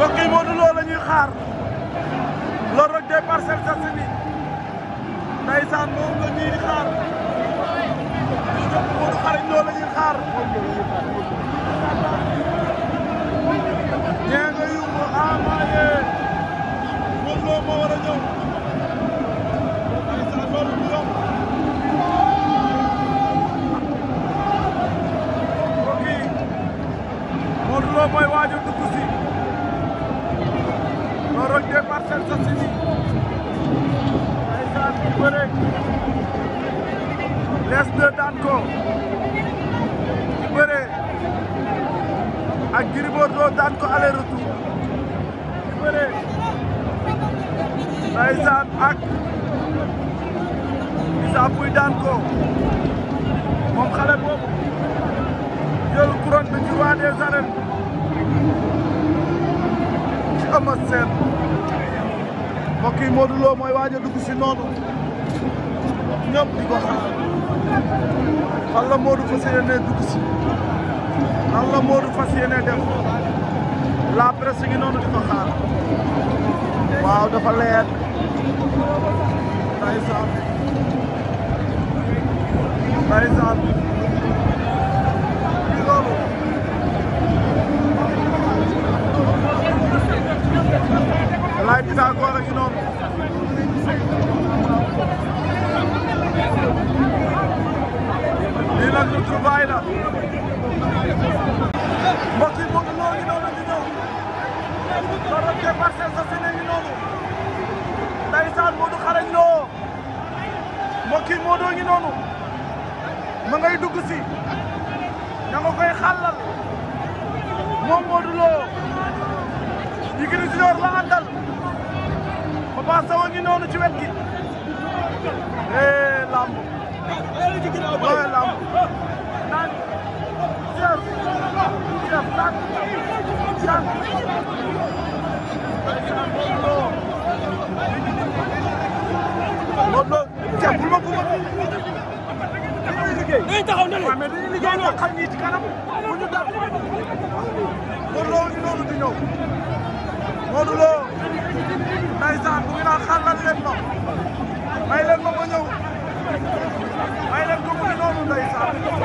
mbokk yi Modou Lo la ñuy xaar Lac Rose des Parcelles Assainies ndeysaan moom la ñuy ak Gris Bordeaux daan ko aller retour bëre ndeysaan ak Issa Pouye daan ko moom xale boobu jël couronne bi ci roi des arènes ci Eumeu Sène mbokk yi Modou Lo mooy waaj a dugg si noonu ñëpp di ko xaar fan la Modou fas yéenee dugg si lan la Modou fas yéene la presse ngi noonu di ko xaar waaw dafa leer ndeysaan ndeysaan li loolu laay Pythagore a ngi noonu mbokk yi Modou ngi noonu ma ngay dugg si ña nga koy xàllal moom Modou Lo Yékini Junior la àndal Papa Sow a ngi noonu ci wet gi eh lamb liggéey. dañuy taxaw leen mais dañuy liggéey ndax ci kanam. bu ñu def pour loolu ñu noonu di ñëw. Modou Lo ndeysaan bu ngi naan xàllal leen ma may leen ma ma may leen ko mu ngi noonu ndeysaan